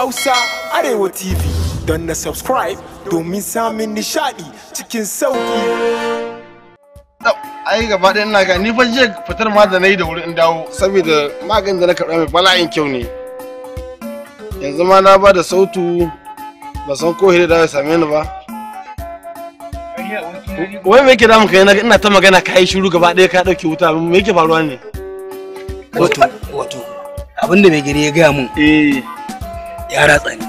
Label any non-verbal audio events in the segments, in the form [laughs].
Hausa Arewa TV don na subscribe domin samun nishaɗi cikin sauƙi. ai gaba ɗaya ina ga ni fa fitar ma da nayi da wuri in dawo saboda maganin da na karɓa mai bala'in kyau ne yanzu ma na ba da sautu ba san ko hira da ya same ni ba wai me yake damun kai na ina ta magana ka yi shiru gaba ɗaya ka ɗauke wuta me yake faruwa ne wato wato abinda mai gari ya gaya mun eh ya ratsa ni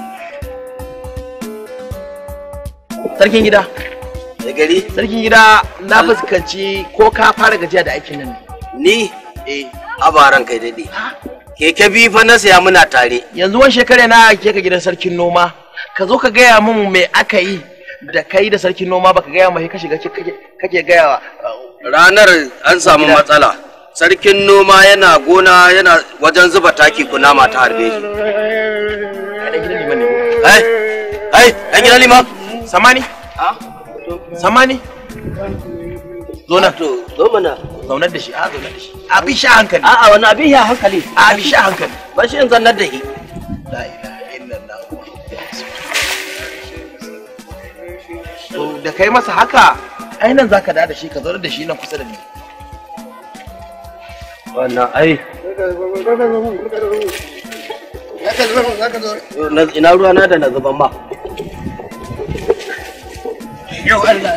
sarkin gida da gari sarkin gida na fuskanci ko ka fara gajiya da aikin nan ni eh abaran kai keke bi fa na saya muna tare yanzu wani shekara na ke ka gidan sarkin noma ka zo ka gaya min me aka yi da kai da sarkin noma baka gaya mai ka shiga gaya uh, ranar an samu matsala sarkin noma yana gona yana wajen zuba taki kunama ta harbe ai ai ai gidan lima samani samani zona zo mana zaunar da shi a ah, zaunar da shi a bi shi a hankali a'a wani abin ya hankali a abin sha hankali ba shi in zannar da shi la ilaha illallah to da kai masa haka ai nan zaka da da shi ka zaunar da shi nan kusa da ni wannan ai ina ruwa na da na zuban ma yau Allah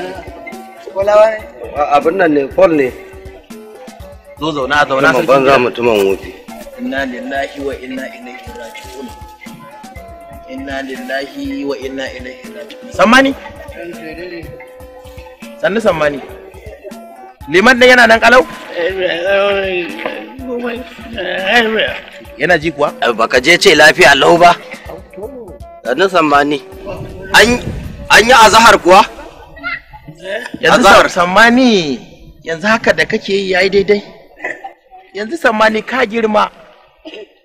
walawa ne abin nan ne fol ne zo zauna zauna sai banza mutumin inna lillahi wa inna ilaihi raji'un inna lillahi wa inna ilaihi raji'un sammani sannu sammani liman nan yana nan kalau yana ji kuwa baka je ce lafiya lau ba sannu sammani an yi azahar kuwa yanzu sammani yanzu haka da kake yi yi daidai yanzu sammani ka girma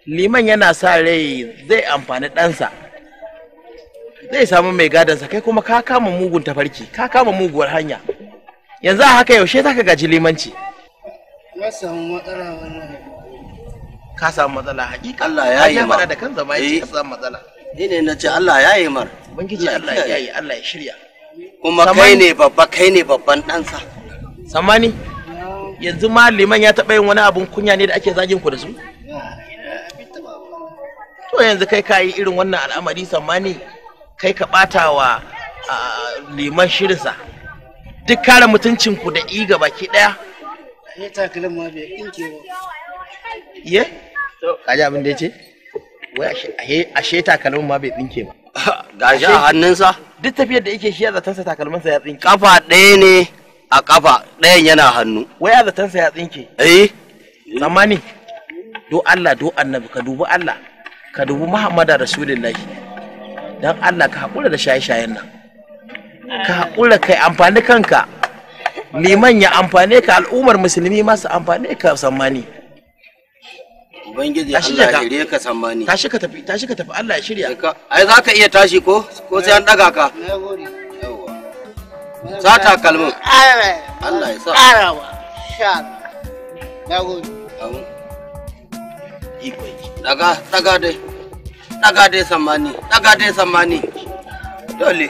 liman yana sa rai zai amfani ɗansa zai samu mai gadansa kai kuma ka kama mugun tafarki ka kama muguwar hanya yanzu a haka yaushe za ka gaji limanci ya samu matsala wannan ka samu matsala hakika Allah ya yi mara da kan zama yace ka eh. samu matsala ni ne nace Allah ya yi mar ubangiji Allah ya yi Allah ya shirya kuma kai ne babba kai ne babban ɗansa samani yanzu maliman ya taɓa yin wani abun kunya ne da ake zagin ku da su to yanzu kai ka yi irin wannan al'amari samani kai ka ɓata wa liman shirinsa duk kare mutuncin ku da iga baki ɗaya ya takalin ma bai ɗinke ba ye Kaji abin da ya ce wai ashe takalmin ma bai tsinke ba [laughs] ga shi a hannunsa duk tafiyar da yake shi a zatansa sa ya tsinke kafa ɗaya ne a kafa ɗayan yana hannu wai a zatansa ya tsinke eh tsammani do Allah do annabi ka dubi Allah ka dubi Muhammadu Rasulullahi dan Allah ka haƙura da shaye-shayen nan ka haƙura kai amfani kanka liman ya amfane ka al'ummar musulmi masu amfane ka tsammani Ubangiji Allah ya shirye ka sambani. Tashi ka tafi, tashi ka tafi Allah ya shirya. Ai za ka iya tashi ko? Ko sai an daga ka? Sa takalmin. Allah ya sa. Ƙarawa. Sha. Na gode. Daga, daga dai. Daga dai sammani, daga dai sammani. Dole.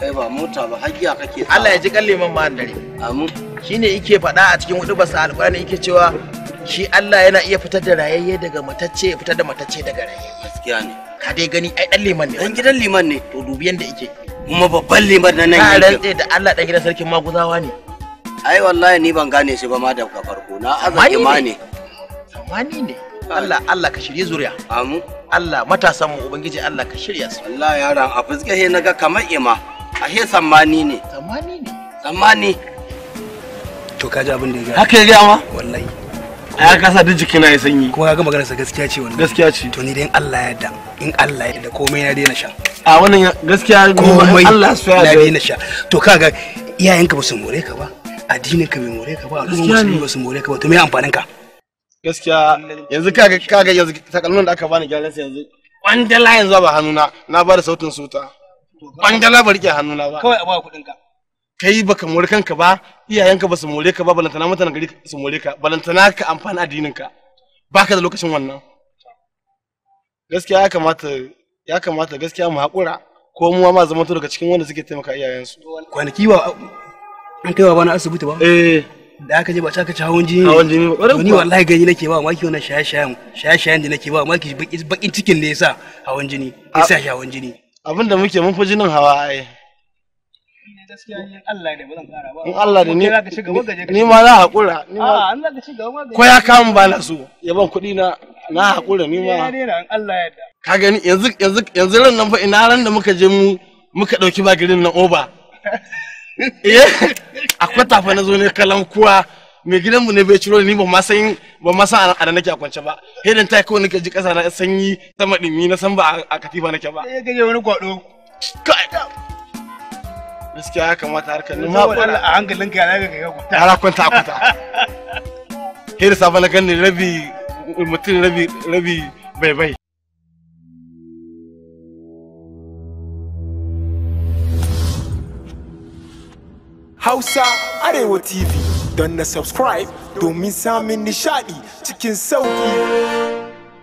Kai ba mota ba, hajiya kake. Allah ya ji kalle man ma dare. Amin. Shine yake faɗa a cikin hudu basa alƙur'ani yake cewa shi Allah yana iya fitar da rayayye daga matacce ya fitar da matacce daga rayayye gaskiya ne ka dai gani ai dan liman ne dan gidan liman ne to dubi yanda yake kuma babban liman na nan yake ka rantse da Allah dan gidan sarkin maguzawa ne ai wallahi ni ban gane shi ba ma da farko na azaki ma ne tsammani ne Allah Allah ka shirye zuriya amu Allah matasan mu ubangiji Allah ka shirya su Allah yaran a fuska he naga kamar ima A he tsammani ne tsammani ne tsammani to kaji abin da ya ga haka ya ga ma wallahi ya kasa duk jikina ya sanyi kuma ga magana sa gaskiya ce wannan gaskiya ce to ni dai in Allah ya yarda in Allah ya yarda komai na daina sha a wannan gaskiya komai Allah su ya da daina sha to kaga iyayenka ba su more ka ba addinin ka bai more ka ba al'umma musulmi ba su more ka ba to me amfanin ka gaskiya yanzu kaga kaga yanzu takalmin da aka bani gyaran sa yanzu kwandala yanzu ba hannuna na ba da sautin suta kwandala ba rike hannuna ba kawai a ba kuɗin ka kai baka more kanka ba iyayenka ba su more ka ba balantana mutanen gari su more ka balantana ka amfana addinin ka baka da lokacin wannan gaskiya ya kamata ya kamata gaskiya mu haƙura ko mu ma zama to daga cikin wanda suke taimaka iyayensu kwanaki wa an kai wa bana asibiti ba eh da aka je ba ta kace hawan jini hawan jini ba ni wallahi gani nake ba maki wannan shaya shaya shaye shaya da nake ba maki bakin cikin ne yasa hawan jini yasa hawan jini abinda muke mun fi jinin hawa ai in Allah ne ni ni ma na haƙura ko ya kama ba na so ya ban kuɗi na na haƙura ni ma ka gani yanzu yanzu yanzu ran nan fa ina ran da muka je mu muka ɗauki garin na oba a [laughs] eh, kwata fa na zo ne kalan kuwa mai mu ne bai ciro ni ba ma san ba ma san a nake a kwance ba hedin ta kawai nake ji ƙasa na sanyi sama ɗimi na san ba a katifa nake ba eh gaje wani gwado gaskiya ya kamata harkar nan ma kwalla a hankalin ka ya ga kwanta ya kwanta kwanta he da safa na ganin rabi mutum rabi rabi bai bai Hausa Arewa TV don na subscribe domin samun nishaɗi cikin sauƙi.